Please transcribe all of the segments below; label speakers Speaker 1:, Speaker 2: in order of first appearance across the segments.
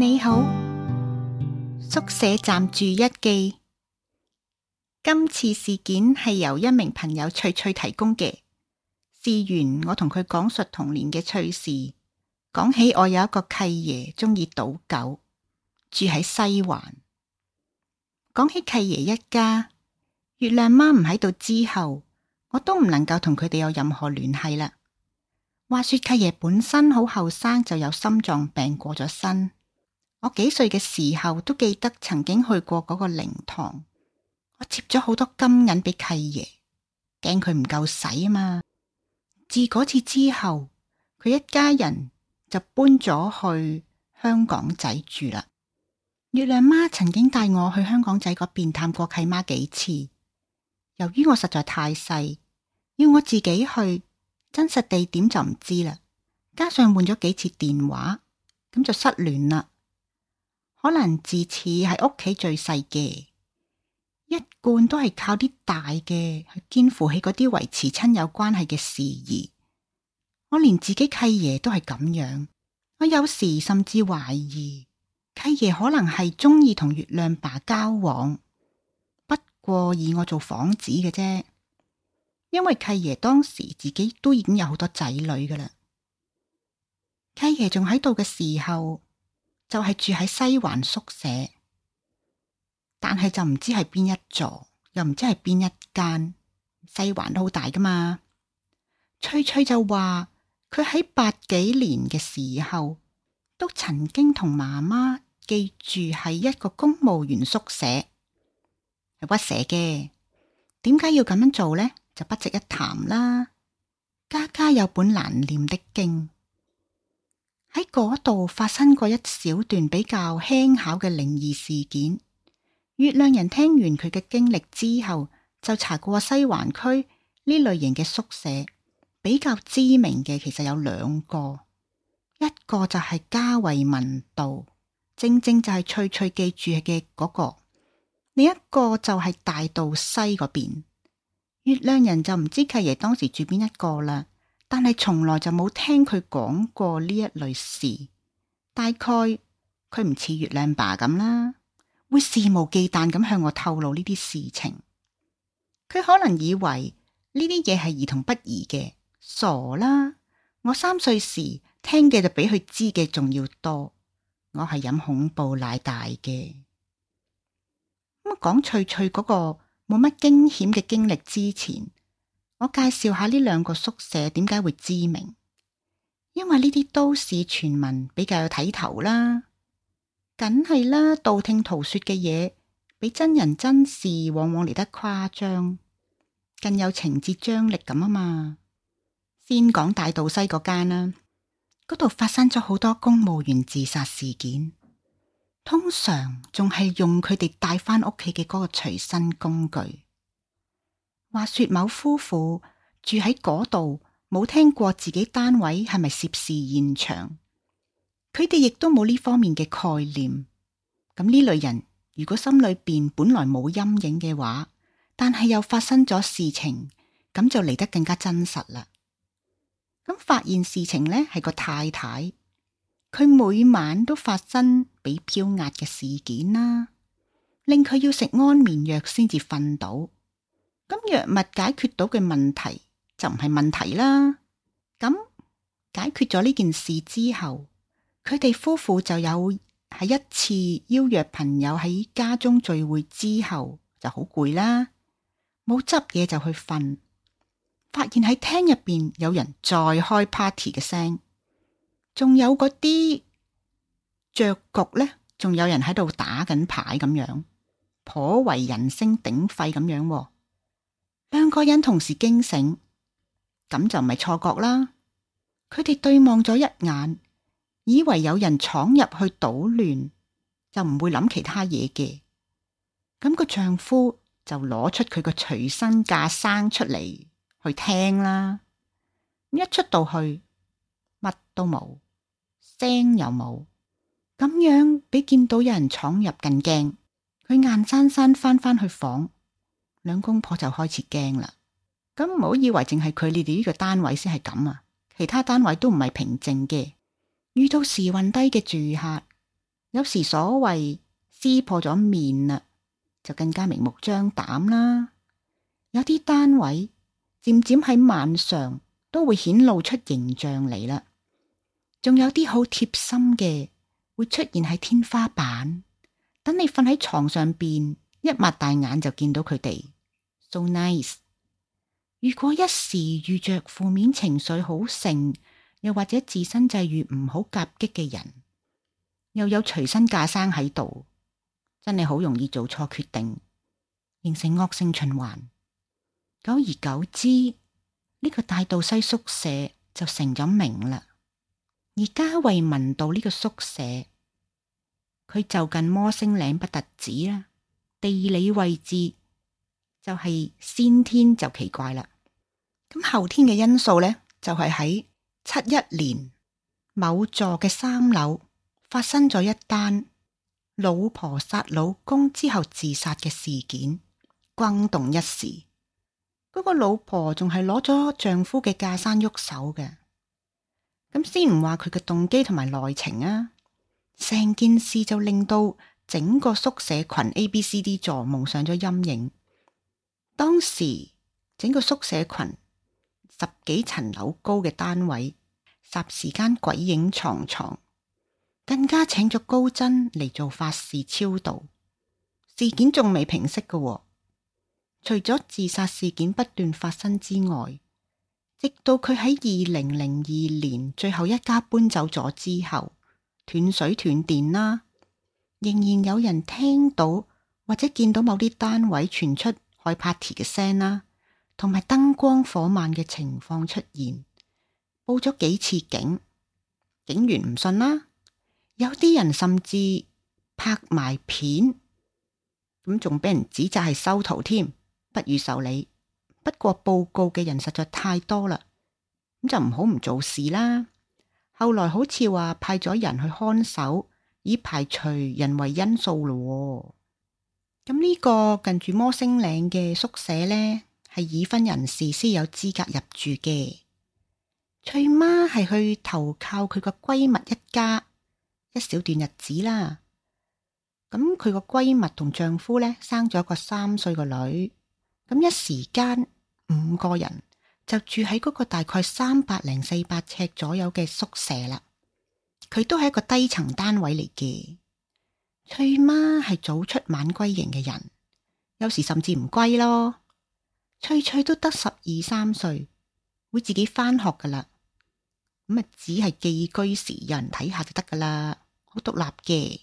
Speaker 1: 你好，宿舍暫住一記。今次事件係由一名朋友翠翠提供嘅。事緣，我同佢講述童年嘅趣事。講起我有一個契爺，鍾意賭狗，住喺西環。講起契爺一家，月亮媽唔喺度之後，我都唔能夠同佢哋有任何聯繫啦。話說契爺本身好後生，就有心臟病過咗身。我幾歲嘅時候都記得曾經去過嗰個靈堂，我接咗好多金銀俾契爺，驚佢唔夠使啊嘛。自嗰次之後，佢一家人就搬咗去香港仔住啦。月亮媽曾經帶我去香港仔嗰邊探過契媽幾次，由於我實在太細，要我自己去，真實地點就唔知啦。加上換咗幾次電話，咁就失聯啦。可能自此係屋企最細嘅，一貫都係靠啲大嘅去肩負起嗰啲維持親友關係嘅事宜。我連自己契爺都係咁樣，我有時甚至懷疑契爺可能係中意同月亮爸交往，不過以我做幌子嘅啫。因為契爺當時自己都已經有好多仔女噶啦，契爺仲喺度嘅時候。就係住喺西環宿舍，但係就唔知係邊一座，又唔知係邊一間。西環都好大噶嘛。翠翠就話佢喺八幾年嘅時候，都曾經同媽媽記住喺一個公務員宿舍，係屈舍嘅。點解要咁樣做呢？就不值一談啦。家家有本難念的經。喺嗰度發生過一小段比較輕巧嘅靈異事件。月亮人聽完佢嘅經歷之後，就查過西環區呢類型嘅宿舍，比較知名嘅其實有兩個，一個就係加惠民道，正正就係翠翠記住嘅嗰個；另一個就係大道西嗰邊。月亮人就唔知契爺當時住邊一個啦。但係從來就冇聽佢講過呢一類事，大概佢唔似月亮爸咁啦，會肆無忌憚咁向我透露呢啲事情。佢可能以為呢啲嘢係兒童不宜嘅，傻啦！我三歲時聽嘅就比佢知嘅仲要多，我係飲恐怖奶大嘅。咁講翠翠嗰個冇乜驚險嘅經歷之前，我介紹下呢兩個宿舍點解會知名，因為呢啲都市傳聞比較有睇頭啦，梗係啦，道聽途說嘅嘢比真人真事往往嚟得誇張，更有情節張力咁啊嘛。先講大道西嗰間啦，嗰度發生咗好多公務員自殺事件，通常仲係用佢哋帶翻屋企嘅嗰個隨身工具。話說，某夫婦住喺嗰度，冇聽過自己單位係咪涉事現場，佢哋亦都冇呢方面嘅概念。咁呢類人如果心裏邊本來冇陰影嘅話，但係又發生咗事情，咁就嚟得更加真實啦。咁發現事情呢係個太太，佢每晚都發生俾漂壓嘅事件啦，令佢要食安眠藥先至瞓到。咁藥物解決到嘅問題就唔係問題啦。咁解決咗呢件事之後，佢哋夫婦就有喺一次邀約朋友喺家中聚會之後就好攰啦，冇執嘢就去瞓，發現喺廳入邊有人再開 party 嘅聲，仲有嗰啲雀局咧，仲有人喺度打緊牌咁樣，頗為人聲鼎沸咁樣，哦。兩個人同時驚醒，咁就唔係錯覺啦。佢哋對望咗一眼，以為有人闖入去搗亂，就唔會諗其他嘢嘅。咁個丈夫就攞出佢個隨身架生出嚟，去聽啦。一出到去，乜都冇，聲又冇，咁樣比見到有人闖入更驚，佢硬生生翻返去房。兩公婆就開始驚啦，咁唔好以為淨係佢哋呢個單位先係咁啊，其他單位都唔係平靜嘅。遇到時運低嘅住客，有時所謂撕破咗面啦，就更加明目張膽啦。有啲單位漸漸喺晚上都會顯露出形象嚟啦，仲有啲好貼心嘅會出現喺天花板，等你瞓喺床上邊。一擘大眼就見到佢哋，so nice。如果一時遇着負面情緒好盛，又或者自身際遇唔好夾擊嘅人，又有隨身架生喺度，真係好容易做錯決定，形成惡性循環。久而久之，呢、呢個大道西宿舍就成咗名啦。而家惠民道呢個宿舍，佢就近摩星嶺不特止啦。地理位置就係先天就奇怪啦，咁後天嘅因素咧就係喺七一年某座嘅三樓發生咗一單老婆殺老公之後自殺嘅事件，轟動一時。嗰個老婆仲係攞咗丈夫嘅架生喐手嘅，咁先唔話佢嘅動機同埋內情啊，成件事就令到。整個宿舍群 A、B、C、D 座蒙上咗陰影。當時整個宿舍群十幾層樓高嘅單位，霎時間鬼影幢幢，更加請咗高僧嚟做法事超度。事件仲未平息嘅，哦，除咗自殺事件不斷發生之外，直到佢喺二零零二年最後一家搬走咗之後，斷水斷電啦。仍然有人聽到或者見到某啲單位傳出開 party 嘅聲啦，同埋燈光火漫嘅情況出現，報咗幾次警，警員唔信啦。有啲人甚至拍埋片，咁仲俾人指責係修圖添，不予受理。不過報告嘅人實在太多啦，咁就唔好唔做事啦。後來好似話派咗人去看守。以排除人為因素啦，哦。咁呢個近住摩星嶺嘅宿舍呢，係已婚人士先有資格入住嘅。翠媽係去投靠佢個閨蜜一家一小段日子啦。咁佢個閨蜜同丈夫呢，生咗一個三歲嘅女，咁一時間五個人就住喺嗰個大概三百零四百尺左右嘅宿舍啦。佢都係一個低層單位嚟嘅，翠媽係早出晚歸型嘅人，有時甚至唔歸咯。翠翠都得十二三歲，會自己翻學噶啦，咁啊只係寄居時有人睇下就得噶啦，好獨立嘅。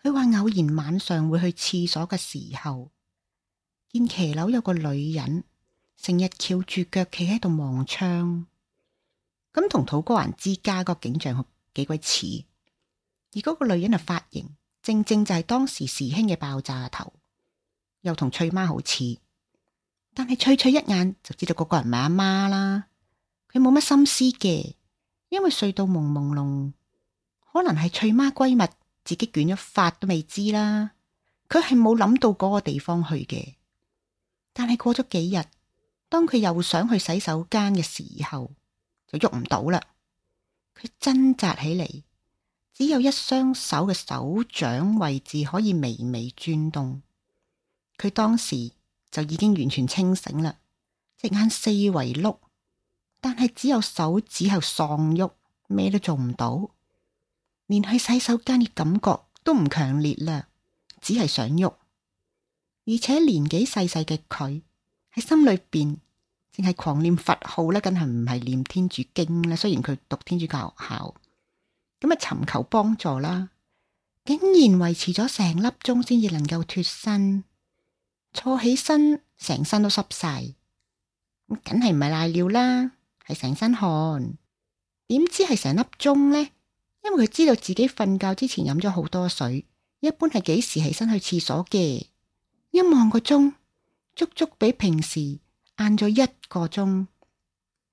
Speaker 1: 佢話偶然晚上會去廁所嘅時候，見騎樓有個女人，成日翹住腳企喺度望窗，咁同土瓜灣之家個景象好幾鬼似，而嗰個女人嘅髮型，正正就係當時時興嘅爆炸頭，又同翠媽好似，但係翠翠一眼就知道嗰個人唔係阿媽啦。佢冇乜心思嘅，因為睡到朦朦朧，可能係翠媽閨蜜自己捲咗髮都未知啦。佢係冇諗到嗰個地方去嘅，但係過咗幾日，當佢又想去洗手間嘅時候，就喐唔到啦。佢掙扎起嚟，只有一雙手嘅手掌位置可以微微轉動。佢當時就已經完全清醒啦，隻眼四圍碌，但係只有手指係喪喐，咩都做唔到，連去洗手間嘅感覺都唔強烈啦，只係想喐，而且年紀細細嘅佢喺心裏邊。淨係狂念佛號咧，梗係唔係念天主經咧。雖然佢讀天主教學校，咁啊尋求幫助啦，竟然維持咗成粒鐘先至能夠脫身，坐起身成身都濕晒，梗係唔係瀨尿啦，係成身汗。點知係成粒鐘呢？因為佢知道自己瞓覺之前飲咗好多水，一般係幾時起身去廁所嘅？一望個鐘，足足比平時。晏咗一個鐘，咁、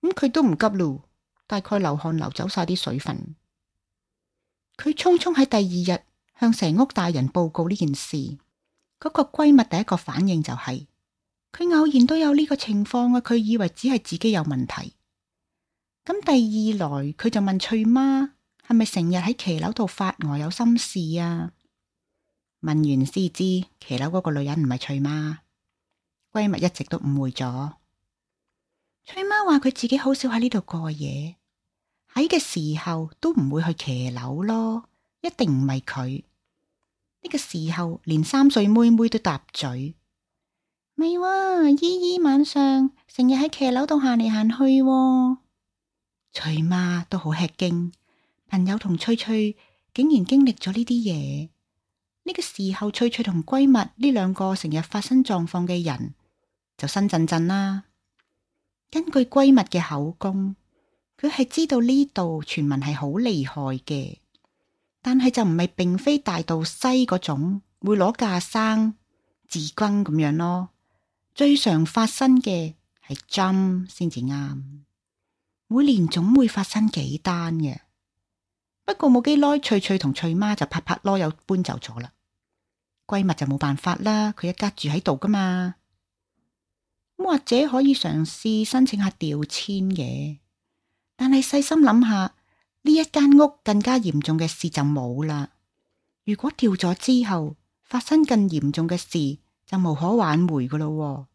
Speaker 1: 嗯、佢都唔急路，大概流汗流走晒啲水分。佢匆匆喺第二日向成屋大人報告呢件事。嗰、那個閨蜜第一個反應就係、是，佢偶然都有呢個情況啊，佢以為只係自己有問題。咁第二來，佢就問翠媽，係咪成日喺騎樓度發呆、呃、有心事啊？問完先知，騎樓嗰個女人唔係翠媽。閨蜜一直都誤會咗，翠媽話佢自己好少喺呢度過夜，喺嘅時候都唔會去騎樓咯，一定唔係佢。呢個時候，連三歲妹妹都搭嘴，咪話姨姨晚上成日喺騎樓度行嚟行去，翠媽都好吃驚，朋友同翠翠竟然經歷咗呢啲嘢，呢個時候，翠翠同閨蜜呢兩個成日發生狀況嘅人。就新震震啦。根據閨蜜嘅口供，佢係知道呢度傳聞係好厲害嘅，但係就唔係並非大道西嗰種會攞架生自轟咁樣咯。最常發生嘅係針先至啱。每年總會發生幾單嘅，不過冇幾耐翠翠同翠媽就拍拍囉柚搬走咗啦。閨蜜就冇辦法啦，佢一家住喺度噶嘛。咁或者可以嘗試申請下調遷嘅，但係細心諗下，呢一間屋更加嚴重嘅事就冇啦。如果調咗之後發生更嚴重嘅事，就無可挽回噶咯喎。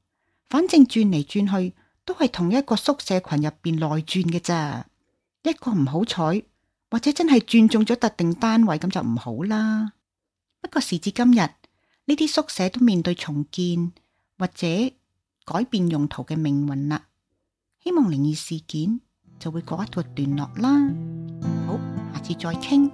Speaker 1: 反正轉嚟轉去都係同一個宿舍群入邊內轉嘅咋，一個唔好彩，或者真係轉中咗特定單位咁就唔好啦。不過時至今日，呢啲宿舍都面對重建或者。改變用途嘅命運啦，希望靈異事件就會告一個段落啦。好，下次再傾。